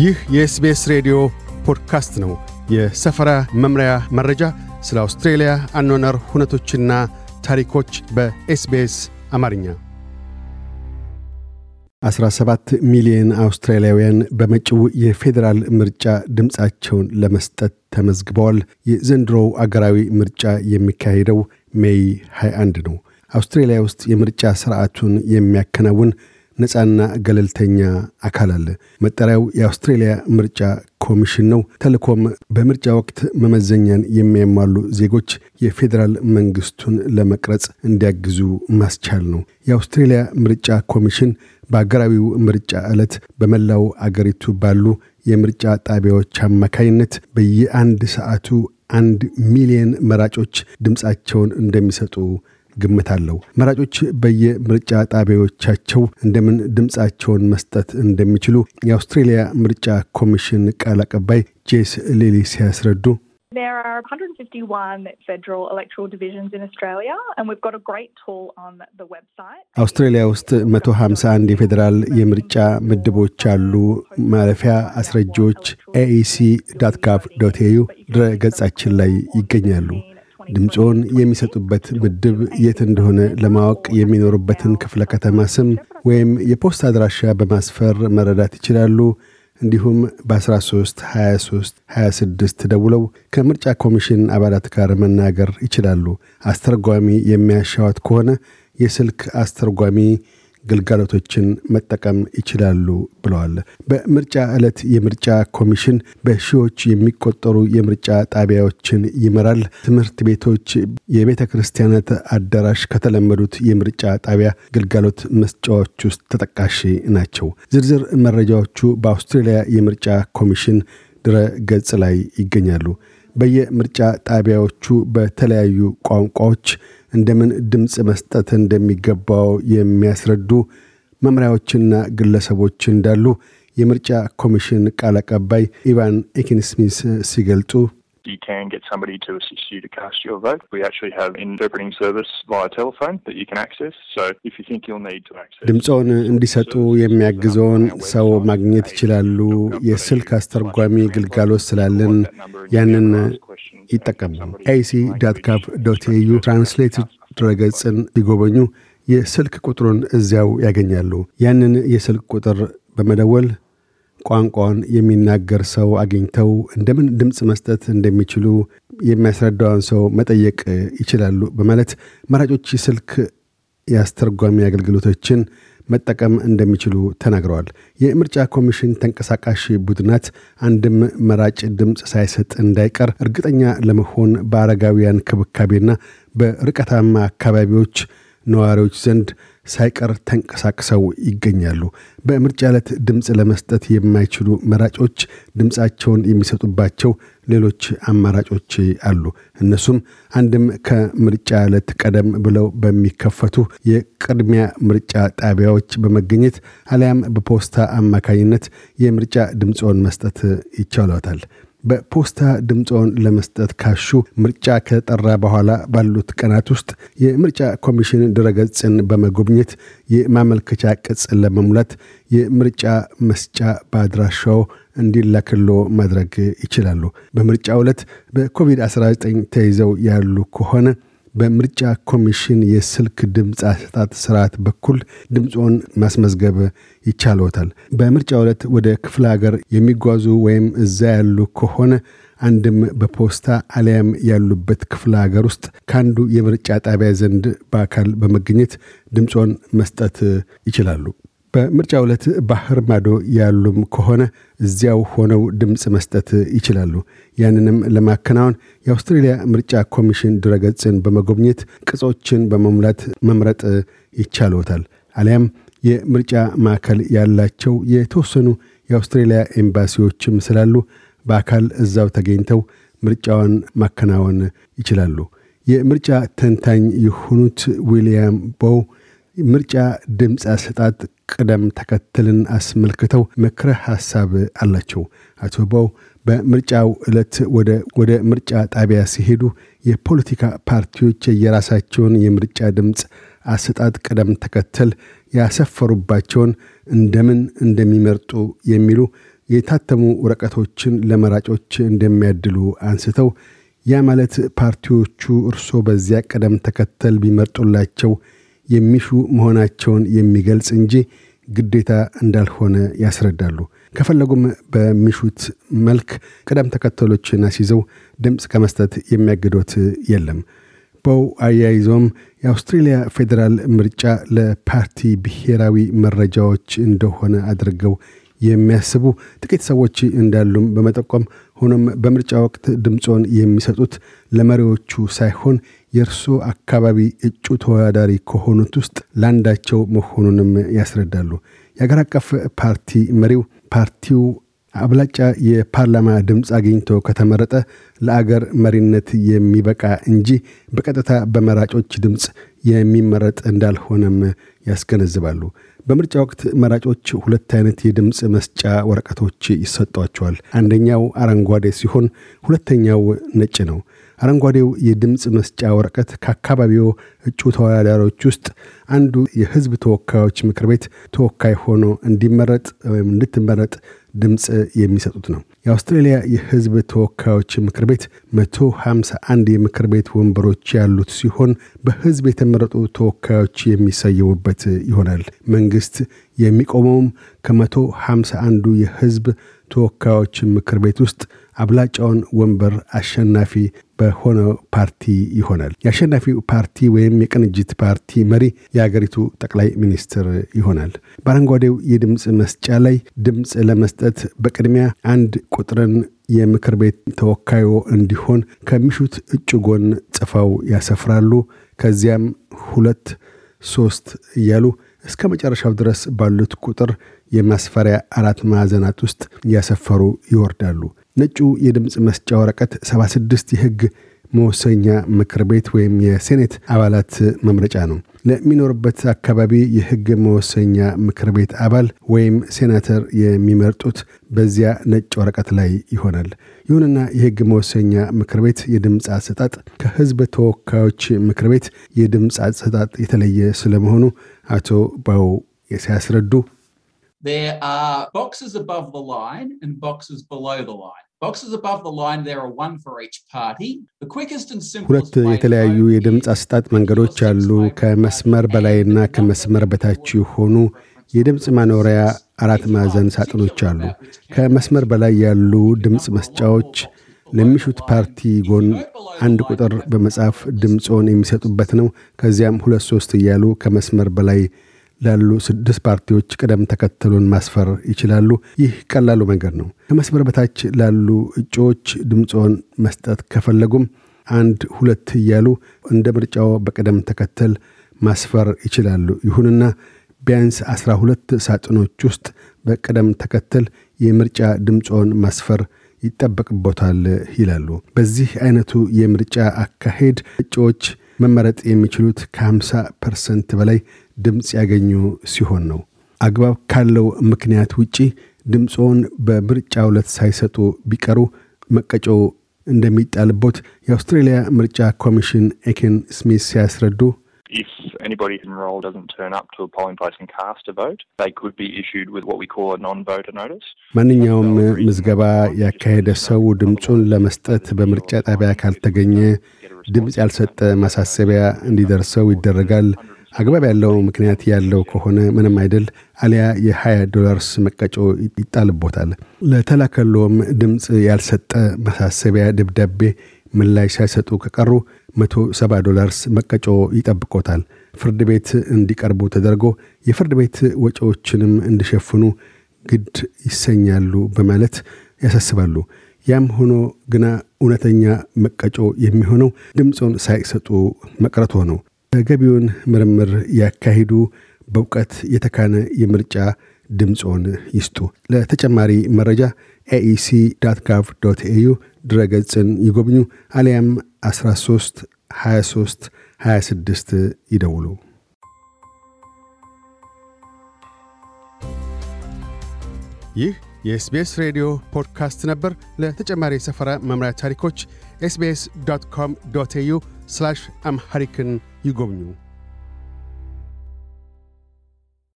ይህ የኤስቤስ ሬዲዮ ፖድካስት ነው። የሰፈራ መምሪያ መረጃ፣ ስለ አውስትሬልያ አኗነር ሁነቶችና ታሪኮች በኤስቤስ አማርኛ። 17 ሚሊዮን አውስትራሊያውያን በመጪው የፌዴራል ምርጫ ድምፃቸውን ለመስጠት ተመዝግበዋል። የዘንድሮው አገራዊ ምርጫ የሚካሄደው ሜይ 21 ነው። አውስትሬልያ ውስጥ የምርጫ ስርዓቱን የሚያከናውን ነፃና ገለልተኛ አካል አለ። መጠሪያው የአውስትሬልያ ምርጫ ኮሚሽን ነው። ተልኮም በምርጫ ወቅት መመዘኛን የሚያሟሉ ዜጎች የፌዴራል መንግስቱን ለመቅረጽ እንዲያግዙ ማስቻል ነው። የአውስትሬልያ ምርጫ ኮሚሽን በአገራዊው ምርጫ ዕለት በመላው አገሪቱ ባሉ የምርጫ ጣቢያዎች አማካይነት በየአንድ ሰዓቱ አንድ ሚሊየን መራጮች ድምፃቸውን እንደሚሰጡ ግምት አለው። መራጮች በየምርጫ ጣቢያዎቻቸው እንደምን ድምፃቸውን መስጠት እንደሚችሉ የአውስትሬሊያ ምርጫ ኮሚሽን ቃል አቀባይ ጄስ ሌሊ ሲያስረዱ There are 151 federal electoral divisions in Australia, and we've got a great tool on the website. አውስትራሊያ ውስጥ 151 የፌዴራል የምርጫ ምድቦች አሉ። ማለፊያ አስረጂዎች ኤኢሲ ዳት ጋቭ ዶት ድረ ገጻችን ላይ ይገኛሉ። ድምፅዎን የሚሰጡበት ምድብ የት እንደሆነ ለማወቅ የሚኖሩበትን ክፍለ ከተማ ስም ወይም የፖስት አድራሻ በማስፈር መረዳት ይችላሉ። እንዲሁም በ13 26 ደውለው ከምርጫ ኮሚሽን አባላት ጋር መናገር ይችላሉ። አስተርጓሚ የሚያሻዋት ከሆነ የስልክ አስተርጓሚ ግልጋሎቶችን መጠቀም ይችላሉ ብለዋል። በምርጫ ዕለት የምርጫ ኮሚሽን በሺዎች የሚቆጠሩ የምርጫ ጣቢያዎችን ይመራል። ትምህርት ቤቶች፣ የቤተ ክርስቲያናት አዳራሽ ከተለመዱት የምርጫ ጣቢያ ግልጋሎት መስጫዎች ውስጥ ተጠቃሽ ናቸው። ዝርዝር መረጃዎቹ በአውስትሬልያ የምርጫ ኮሚሽን ድረ ገጽ ላይ ይገኛሉ። በየምርጫ ጣቢያዎቹ በተለያዩ ቋንቋዎች እንደምን ድምፅ መስጠት እንደሚገባው የሚያስረዱ መምሪያዎችና ግለሰቦች እንዳሉ የምርጫ ኮሚሽን ቃል አቀባይ ኢቫን ኤኪንስሚስ ሲገልጹ you can get somebody to assist you to cast your vote. We actually have interpreting service via telephone that you can access. So if you think you'll need to access ድምፆን እንዲሰጡ የሚያግዘውን ሰው ማግኘት ይችላሉ። የስልክ አስተርጓሚ ግልጋሎት ስላለን ያንን ይጠቀሙ። ኤሲ ዳት ካፕ ዶት ኤዩ ትራንስሌትድ ድረገጽን ሊጎበኙ የስልክ ቁጥሩን እዚያው ያገኛሉ። ያንን የስልክ ቁጥር በመደወል ቋንቋውን የሚናገር ሰው አግኝተው እንደምን ድምፅ መስጠት እንደሚችሉ የሚያስረዳውን ሰው መጠየቅ ይችላሉ በማለት መራጮች ስልክ የአስተርጓሚ አገልግሎቶችን መጠቀም እንደሚችሉ ተናግረዋል። የምርጫ ኮሚሽን ተንቀሳቃሽ ቡድናት አንድም መራጭ ድምፅ ሳይሰጥ እንዳይቀር እርግጠኛ ለመሆን በአረጋውያን ክብካቤና በርቀታማ አካባቢዎች ነዋሪዎች ዘንድ ሳይቀር ተንቀሳቅሰው ይገኛሉ። በምርጫ ዕለት ድምፅ ለመስጠት የማይችሉ መራጮች ድምፃቸውን የሚሰጡባቸው ሌሎች አማራጮች አሉ። እነሱም አንድም ከምርጫ ዕለት ቀደም ብለው በሚከፈቱ የቅድሚያ ምርጫ ጣቢያዎች በመገኘት አሊያም በፖስታ አማካኝነት የምርጫ ድምፅዎን መስጠት ይቻለታል። በፖስታ ድምፆን ለመስጠት ካሹ ምርጫ ከጠራ በኋላ ባሉት ቀናት ውስጥ የምርጫ ኮሚሽን ድረገጽን በመጎብኘት የማመልከቻ ቅጽ ለመሙላት የምርጫ መስጫ በአድራሻው እንዲላክሎ ማድረግ ይችላሉ። በምርጫ ዕለት በኮቪድ-19 ተይዘው ያሉ ከሆነ በምርጫ ኮሚሽን የስልክ ድምፅ አሰጣጥ ስርዓት በኩል ድምፆን ማስመዝገብ ይቻለታል። በምርጫ ዕለት ወደ ክፍለ ሀገር የሚጓዙ ወይም እዛ ያሉ ከሆነ አንድም በፖስታ አሊያም ያሉበት ክፍለ ሀገር ውስጥ ከአንዱ የምርጫ ጣቢያ ዘንድ በአካል በመገኘት ድምፆን መስጠት ይችላሉ። በምርጫ ዕለት ባህር ማዶ ያሉም ከሆነ እዚያው ሆነው ድምፅ መስጠት ይችላሉ። ያንንም ለማከናወን የአውስትሬልያ ምርጫ ኮሚሽን ድረገጽን በመጎብኘት ቅጾችን በመሙላት መምረጥ ይቻልዎታል። አሊያም የምርጫ ማዕከል ያላቸው የተወሰኑ የአውስትሬልያ ኤምባሲዎችም ስላሉ በአካል እዛው ተገኝተው ምርጫዋን ማከናወን ይችላሉ። የምርጫ ተንታኝ የሆኑት ዊልያም ቦው ምርጫ ድምፅ አሰጣጥ ቅደም ተከተልን አስመልክተው ምክረ ሐሳብ አላቸው። አቶ በው በምርጫው ዕለት ወደ ምርጫ ጣቢያ ሲሄዱ የፖለቲካ ፓርቲዎች የራሳቸውን የምርጫ ድምፅ አሰጣጥ ቅደም ተከተል ያሰፈሩባቸውን እንደምን እንደሚመርጡ የሚሉ የታተሙ ወረቀቶችን ለመራጮች እንደሚያድሉ አንስተው ያ ማለት ፓርቲዎቹ እርሶ በዚያ ቅደም ተከተል ቢመርጡላቸው የሚሹ መሆናቸውን የሚገልጽ እንጂ ግዴታ እንዳልሆነ ያስረዳሉ። ከፈለጉም በሚሹት መልክ ቅደም ተከተሎችን አስይዘው ድምፅ ከመስጠት የሚያግዶት የለም። በው አያይዞም የአውስትሬልያ ፌዴራል ምርጫ ለፓርቲ ብሔራዊ መረጃዎች እንደሆነ አድርገው የሚያስቡ ጥቂት ሰዎች እንዳሉም በመጠቆም ሆኖም በምርጫ ወቅት ድምፆን የሚሰጡት ለመሪዎቹ ሳይሆን የእርሱ አካባቢ እጩ ተወዳዳሪ ከሆኑት ውስጥ ለአንዳቸው መሆኑንም ያስረዳሉ። የአገር አቀፍ ፓርቲ መሪው ፓርቲው አብላጫ የፓርላማ ድምፅ አግኝቶ ከተመረጠ ለአገር መሪነት የሚበቃ እንጂ በቀጥታ በመራጮች ድምፅ የሚመረጥ እንዳልሆነም ያስገነዝባሉ። በምርጫ ወቅት መራጮች ሁለት አይነት የድምፅ መስጫ ወረቀቶች ይሰጧቸዋል። አንደኛው አረንጓዴ ሲሆን ሁለተኛው ነጭ ነው። አረንጓዴው የድምፅ መስጫ ወረቀት ከአካባቢው እጩ ተወዳዳሪዎች ውስጥ አንዱ የህዝብ ተወካዮች ምክር ቤት ተወካይ ሆኖ እንዲመረጥ ወይም እንድትመረጥ ድምፅ የሚሰጡት ነው። የአውስትሬልያ የህዝብ ተወካዮች ምክር ቤት 151 የምክር ቤት ወንበሮች ያሉት ሲሆን በህዝብ የተመረጡ ተወካዮች የሚሰየሙበት ይሆናል። መንግስት የሚቆመውም ከመቶ 151 አንዱ የህዝብ ተወካዮች ምክር ቤት ውስጥ አብላጫውን ወንበር አሸናፊ በሆነው ፓርቲ ይሆናል። የአሸናፊው ፓርቲ ወይም የቅንጅት ፓርቲ መሪ የአገሪቱ ጠቅላይ ሚኒስትር ይሆናል። በአረንጓዴው የድምፅ መስጫ ላይ ድምፅ ለመስጠት በቅድሚያ አንድ ቁጥርን የምክር ቤት ተወካዮ እንዲሆን ከሚሹት እጩ ጎን ጽፈው ያሰፍራሉ። ከዚያም ሁለት ሶስት እያሉ እስከ መጨረሻው ድረስ ባሉት ቁጥር የማስፈሪያ አራት ማዕዘናት ውስጥ እያሰፈሩ ይወርዳሉ። ነጩ የድምፅ መስጫ ወረቀት 76 የህግ መወሰኛ ምክር ቤት ወይም የሴኔት አባላት መምረጫ ነው። ለሚኖርበት አካባቢ የህግ መወሰኛ ምክር ቤት አባል ወይም ሴናተር የሚመርጡት በዚያ ነጭ ወረቀት ላይ ይሆናል። ይሁንና የህግ መወሰኛ ምክር ቤት የድምፅ አሰጣጥ ከህዝብ ተወካዮች ምክር ቤት የድምፅ አሰጣጥ የተለየ ስለመሆኑ አቶ ባው ሲያስረዱ There are boxes above the line and boxes below the line. ሁለት የተለያዩ የድምፅ አሰጣጥ መንገዶች አሉ። ከመስመር በላይና ከመስመር በታች የሆኑ የድምፅ ማኖሪያ አራት ማዕዘን ሳጥኖች አሉ። ከመስመር በላይ ያሉ ድምፅ መስጫዎች ለሚሹት ፓርቲ ጎን አንድ ቁጥር በመጻፍ ድምፆን የሚሰጡበት ነው። ከዚያም ሁለት ሶስት እያሉ ከመስመር በላይ ላሉ ስድስት ፓርቲዎች ቅደም ተከተሉን ማስፈር ይችላሉ። ይህ ቀላሉ መንገድ ነው። ከመስመር በታች ላሉ እጩዎች ድምፆን መስጠት ከፈለጉም አንድ ሁለት እያሉ እንደ ምርጫው በቅደም ተከተል ማስፈር ይችላሉ። ይሁንና ቢያንስ አስራ ሁለት ሳጥኖች ውስጥ በቅደም ተከተል የምርጫ ድምፆን ማስፈር ይጠበቅቦታል ይላሉ። በዚህ አይነቱ የምርጫ አካሄድ እጩዎች መመረጥ የሚችሉት ከ50 ፐርሰንት በላይ ድምፅ ያገኙ ሲሆን ነው። አግባብ ካለው ምክንያት ውጪ ድምፆን በምርጫ ዕለት ሳይሰጡ ቢቀሩ መቀጮ እንደሚጣልቦት የአውስትሬልያ ምርጫ ኮሚሽን ኤኬን ስሚስ ሲያስረዱ ማንኛውም ምዝገባ ያካሄደ ሰው ድምፁን ለመስጠት በምርጫ ጣቢያ ካልተገኘ ድምፅ ያልሰጠ ማሳሰቢያ እንዲደርሰው ይደረጋል። አግባብ ያለው ምክንያት ያለው ከሆነ ምንም አይደል፣ አሊያ የ20 ዶላርስ መቀጮ ይጣልቦታል። ለተላከሎም ድምፅ ያልሰጠ ማሳሰቢያ ደብዳቤ ምላሽ ሳይሰጡ ከቀሩ 170 ዶላርስ መቀጮ ይጠብቆታል። ፍርድ ቤት እንዲቀርቡ ተደርጎ የፍርድ ቤት ወጪዎችንም እንዲሸፍኑ ግድ ይሰኛሉ በማለት ያሳስባሉ። ያም ሆኖ ግና እውነተኛ መቀጮ የሚሆነው ድምፁን ሳይሰጡ መቅረቶ ነው። ተገቢውን ምርምር ያካሂዱ። በእውቀት የተካነ የምርጫ ድምፆን ይስጡ። ለተጨማሪ መረጃ ኤኢሲ ጋቭ ኤዩ ድረገጽን ይጎብኙ አሊያም 13 23 26 ይደውሉ። ይህ የኤስቤስ ሬዲዮ ፖድካስት ነበር። ለተጨማሪ ሰፈራ መምሪያ ታሪኮች ኤስቤስ ዶት ኮም ዶት ኤዩ አምሐሪክን ይጎብኙ።